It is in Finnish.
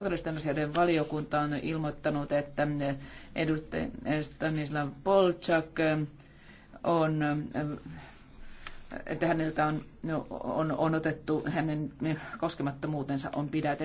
Kansallisten asioiden valiokunta on ilmoittanut, että edustaja Stanislav Polchak on, että häneltä on, on, on otettu, hänen koskemattomuutensa on pidätetty.